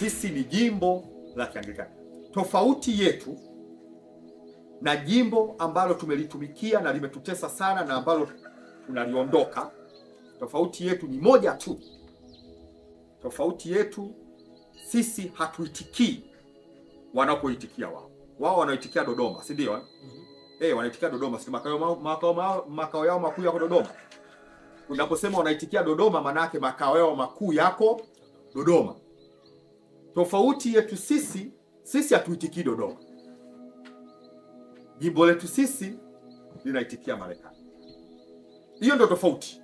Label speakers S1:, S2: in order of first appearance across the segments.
S1: Sisi ni jimbo la Kianglikana. Tofauti yetu na jimbo ambalo tumelitumikia na limetutesa sana na ambalo tunaliondoka, tofauti yetu ni moja tu. Tofauti yetu sisi hatuitikii wanapoitikia wao. Wao wanaitikia Dodoma, si ndio? mm -hmm. Eh, wanaitikia Dodoma, si makao makao makao yao makuu yako Dodoma. Unaposema wanaitikia Dodoma, maana yake makao yao makuu yako Dodoma. Tofauti yetu sisi, sisi hatuitikii Dodoma, jimbo letu sisi linaitikia Marekani. Hiyo ndio tofauti.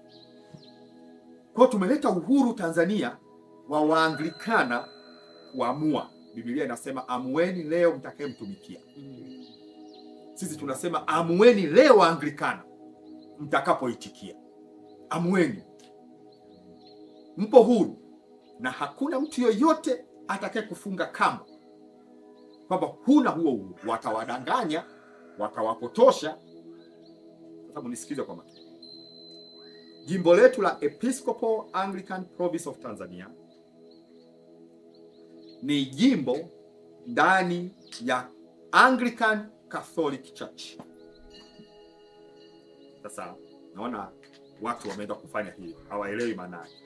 S1: Kwa tumeleta uhuru Tanzania wa Waanglikana kuamua. Biblia inasema amueni leo mtakayemtumikia. Sisi tunasema amueni leo Waanglikana mtakapoitikia, amueni, mpo huru na hakuna mtu yoyote atakaye kufunga kamba kwamba huna huo huo, watawadanganya watawapotosha. Sababu nisikize kwa makini. Jimbo letu la Episcopal Anglican Province of Tanzania ni jimbo ndani ya Anglican Catholic Church. Sasa naona watu wameenda kufanya hiyo, hawaelewi maana yake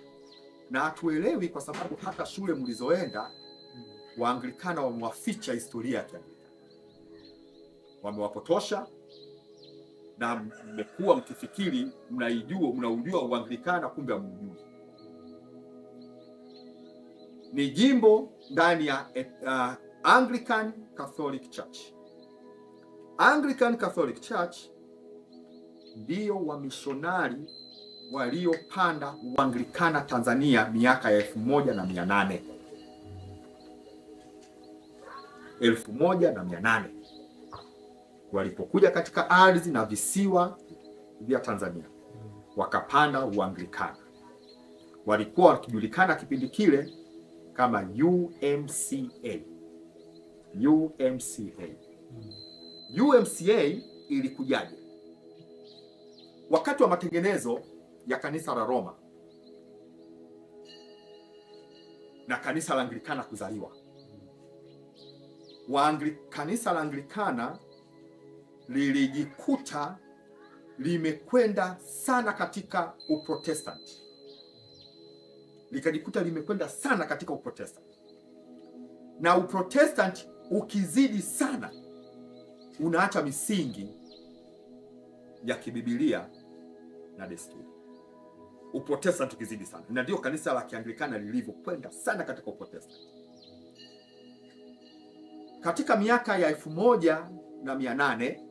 S1: na hatuelewi kwa sababu hata shule mlizoenda Waanglikana wamewaficha historia ya Kianglikana, wamewapotosha na mmekuwa mkifikiri mnaijua, mnaujua Uanglikana, kumbe hamujui. Ni jimbo ndani ya uh, Anglican Catholic Church. Anglican Catholic Church ndiyo wamishonari waliopanda Uanglikana Tanzania miaka ya elfu moja na mia nane elfu moja na mia nane walipokuja katika ardhi na visiwa vya Tanzania wakapanda Uanglikana. Walikuwa wakijulikana kipindi kile kama UMCA. UMCA, UMCA ilikujaje? Wakati wa matengenezo ya kanisa la Roma na kanisa la Anglikana kuzaliwa. Waangli, kanisa la Anglikana lilijikuta limekwenda sana katika Uprotestanti, likajikuta limekwenda sana katika Uprotestanti, na Uprotestanti ukizidi sana unaacha misingi ya kibibilia na desturi. Uprotestanti ukizidi sana, na ndio kanisa la Kianglikana lilivyokwenda sana katika Uprotestanti. Katika miaka ya elfu moja na mia nane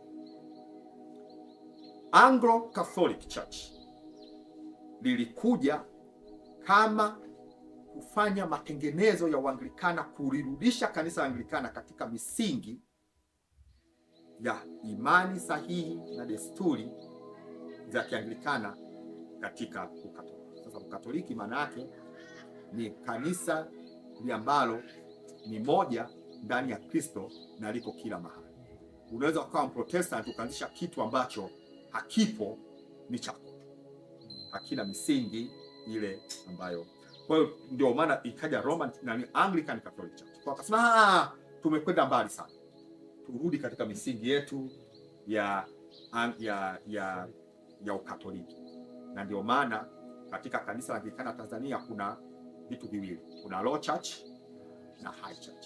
S1: Anglo Catholic Church lilikuja kama kufanya matengenezo ya Uanglikana, kulirudisha kanisa la Anglikana katika misingi ya imani sahihi na desturi za Kianglikana katika Ukatoliki. Sasa Ukatoliki maana yake ni kanisa ni ambalo ni moja ndani ya Kristo na liko kila mahali. Unaweza ukawa Mprotestant ukaanzisha kitu ambacho hakipo, ni chako, hakina misingi ile ambayo. Kwa hiyo ndio maana ikaja Roman na Anglican Catholic Church, kwa kasema ah, ah, ah, tumekwenda mbali sana, turudi katika misingi yetu ya, ya, ya, ya Ukatoliki na ndio maana katika kanisa la Anglikana Tanzania kuna vitu viwili, kuna low church na high church.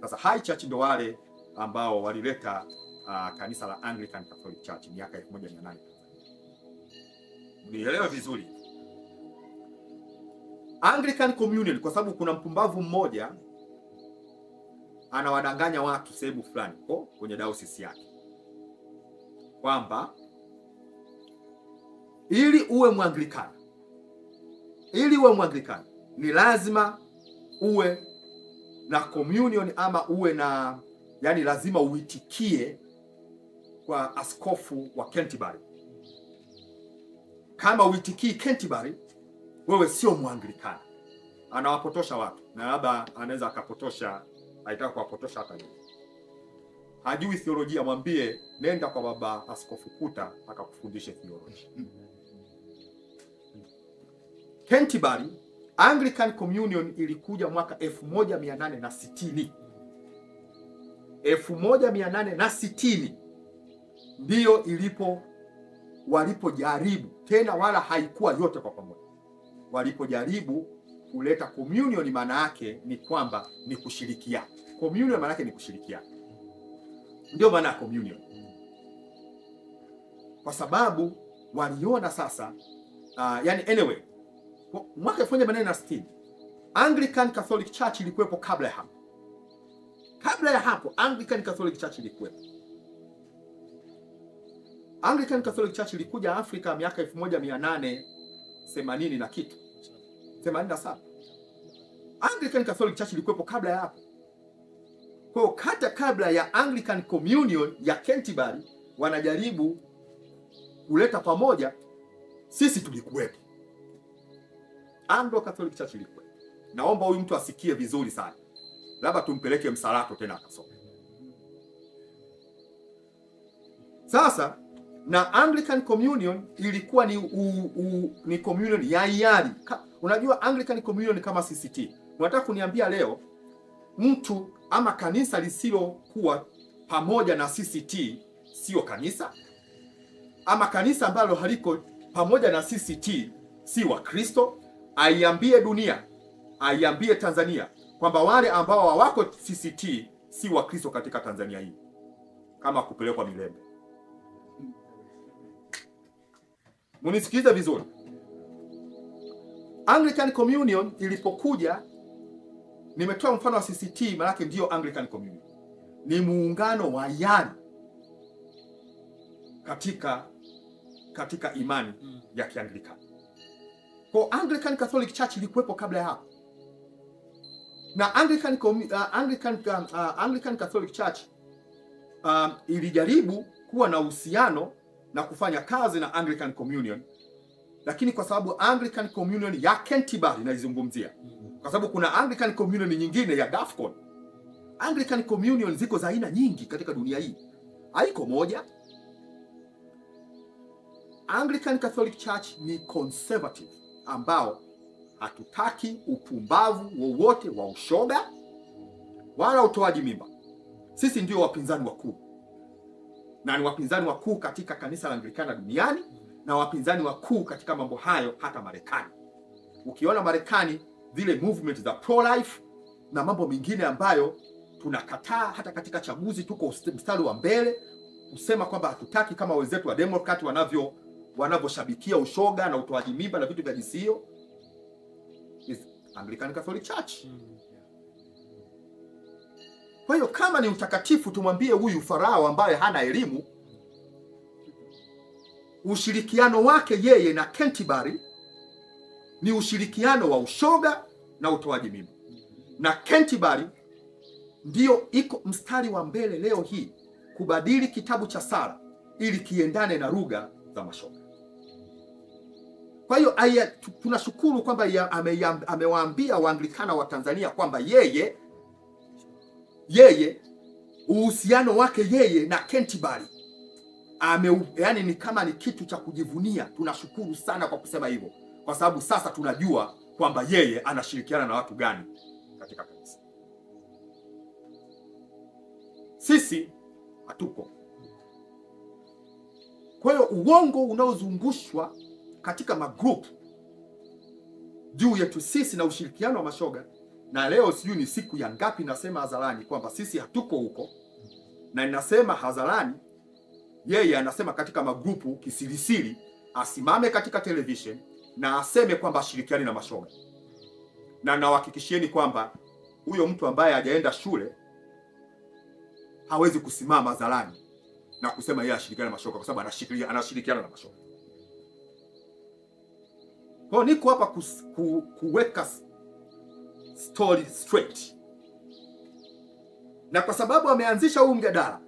S1: Sasa high church ndio wale ambao walileta uh, kanisa la Anglican Catholic Church miaka 1800. Nielewe vizuri Anglican Communion, kwa sababu kuna mpumbavu mmoja anawadanganya watu sehemu fulani kwenye diocese yake kwamba ili uwe Mwanglikana, ili uwe Mwanglikana ni lazima uwe na communion ama uwe na yani, lazima uitikie kwa askofu wa Canterbury. Kama uitikii Canterbury, wewe sio Mwanglikana. Anawapotosha watu na labda anaweza akapotosha, aitaka kuwapotosha hata nini, hajui theolojia. Mwambie nenda kwa baba askofu Kuta akakufundishe theolojia. Hmm. Canterbury, Anglican Communion ilikuja mwaka 1860. 1860 ndiyo ilipo walipojaribu tena, wala haikuwa yote kwa pamoja. Walipojaribu kuleta communion, maana yake ni kwamba ni kushirikiana. Communion maana yake ni kushirikiana, ndio maana ya communion, kwa sababu waliona sasa uh, yani anyway mwaka 1860 Anglican Catholic Church ilikuwepo kabla ya hapo. Kabla ya hapo Anglican Catholic Church ilikuwepo. Anglican Catholic Church ilikuja Afrika miaka themanini na kitu saba. Anglican Catholic Church ilikuwepo kabla ya hapo. Kwa hiyo hata kabla ya Anglican Communion ya Canterbury wanajaribu kuleta pamoja, sisi tulikuwepo. Anglo Catholic Church Lipwe. Naomba huyu mtu asikie vizuri sana, labda tumpeleke Msalato tena akasome. Sasa na Anglican Communion ilikuwa ni, u, u, ni communion ya hiari. Unajua Anglican Communion kama CCT, unataka kuniambia leo mtu ama kanisa lisilokuwa pamoja na CCT sio kanisa, ama kanisa ambalo haliko pamoja na CCT si wa kristo aiambie dunia, aiambie Tanzania kwamba wale ambao hawako CCT si Wakristo katika Tanzania hii, kama kupelekwa Milembe. Munisikilize vizuri. Anglican Communion ilipokuja, nimetoa mfano wa CCT, maanake ndiyo Anglican Communion ni muungano wa yani katika katika imani mm. ya Kianglikana. Kwa Anglican Catholic Church ilikuwepo kabla ya hapo na Anglican, uh, Anglican, uh, uh, Anglican Catholic Church um, ilijaribu kuwa na uhusiano na kufanya kazi na Anglican Communion, lakini kwa sababu Anglican Communion ya Canterbury naizungumzia, kwa sababu kuna Anglican Communion nyingine ya Dafcon. Anglican Communion ziko za aina nyingi katika dunia hii, haiko moja. Anglican Catholic Church ni conservative ambao hatutaki upumbavu wowote wa ushoga wala utoaji mimba. Sisi ndio wapinzani wakuu na ni wapinzani wakuu katika kanisa la Anglikana duniani na wapinzani wakuu katika mambo hayo hata Marekani. Ukiona Marekani zile movement za pro life na mambo mengine ambayo tunakataa, hata katika chaguzi tuko mstari wa mbele kusema kwamba hatutaki, kama wenzetu wa Democrat wanavyo wanavyoshabikia ushoga na utoaji mimba na vitu vya jinsi hiyo is Anglican Catholic Church. Kwa hiyo kama ni utakatifu, tumwambie huyu Farao ambaye hana elimu, ushirikiano wake yeye na Canterbury ni ushirikiano wa ushoga na utoaji mimba, na Canterbury ndiyo iko mstari wa mbele leo hii kubadili kitabu cha sala ili kiendane na lugha za mashoga. Kwa hiyo tunashukuru kwamba amewaambia Waanglikana wa Tanzania kwamba yeye yeye uhusiano wake yeye na Canterbury ame, yani ni kama ni kitu cha kujivunia. Tunashukuru sana kwa kusema hivyo, kwa sababu sasa tunajua kwamba yeye anashirikiana na watu gani katika kanisa. Sisi hatuko. Kwa hiyo uongo unaozungushwa katika magrupu juu yetu sisi na ushirikiano wa mashoga, na leo sijui ni siku ya ngapi nasema hadharani kwamba sisi hatuko huko, na ninasema hadharani, yeye anasema katika magrupu kisirisiri, asimame katika television na aseme kwamba ashirikiani na mashoga, na nawahakikishieni kwamba huyo mtu ambaye hajaenda shule hawezi kusimama hadharani na kusema yeye ashirikiani na mashoga, kwa sababu anashirikiana na mashoga. Kwa niko hapa ku, ku, kuweka story straight, na kwa sababu ameanzisha huu mjadala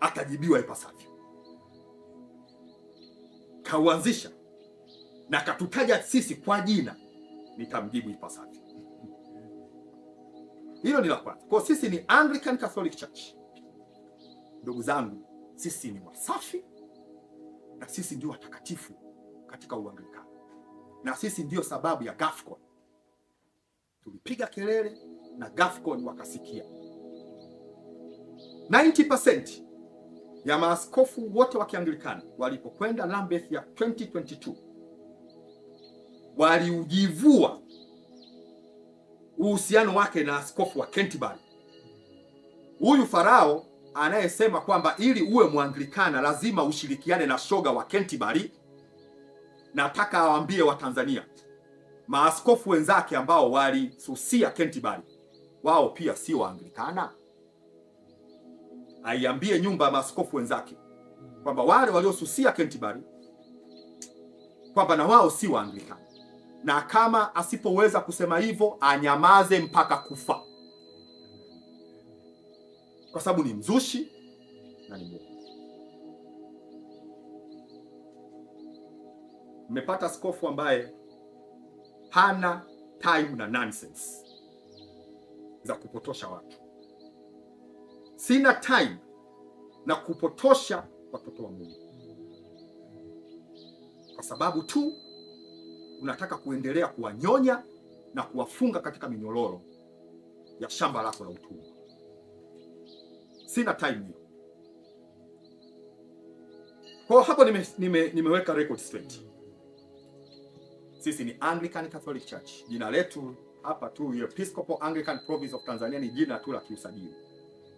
S1: atajibiwa ipasavyo. Kauanzisha na katutaja sisi kwa jina, nitamjibu ipasavyo. Hilo ni la kwanza. Kwa sisi ni Anglican Catholic Church, ndugu zangu, sisi ni wasafi na sisi ndio watakatifu katika Uanglikana na sisi ndiyo sababu ya Gafcon. Tulipiga kelele na Gafcon wakasikia. 90% ya maaskofu wote wa Kianglikana walipokwenda Lambeth ya 2022 waliujivua uhusiano wake na askofu wa Canterbury. Huyu Farao anayesema kwamba ili uwe Mwanglikana lazima ushirikiane na shoga wa Canterbury nataka awaambie Watanzania, maaskofu wenzake ambao walisusia Canterbury, wao pia si Waanglikana. Aiambie nyumba ya maaskofu wenzake kwamba wale waliosusia Canterbury kwamba na wao si Waanglikana, na kama asipoweza kusema hivyo anyamaze mpaka kufa, kwa sababu ni mzushi na ni mmepata skofu ambaye hana time na nonsense za kupotosha watu. Sina time na kupotosha watoto wa Mungu kwa sababu tu unataka kuendelea kuwanyonya na kuwafunga katika minyororo ya shamba lako la utumwa. Sina time hiyo. Kwa hapo nime, nime, nimeweka record straight. Sisi ni Anglican Catholic Church. Jina letu hapa tu Episcopal Anglican Province of Tanzania ni jina tu la kiusajili,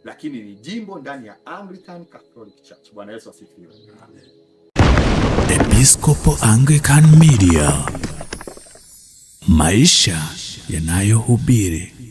S1: lakini ni jimbo ndani ya Anglican Catholic Church. Bwana Yesu asifiwe. Amen.
S2: Episcopal Anglican Media, maisha yanayohubiri.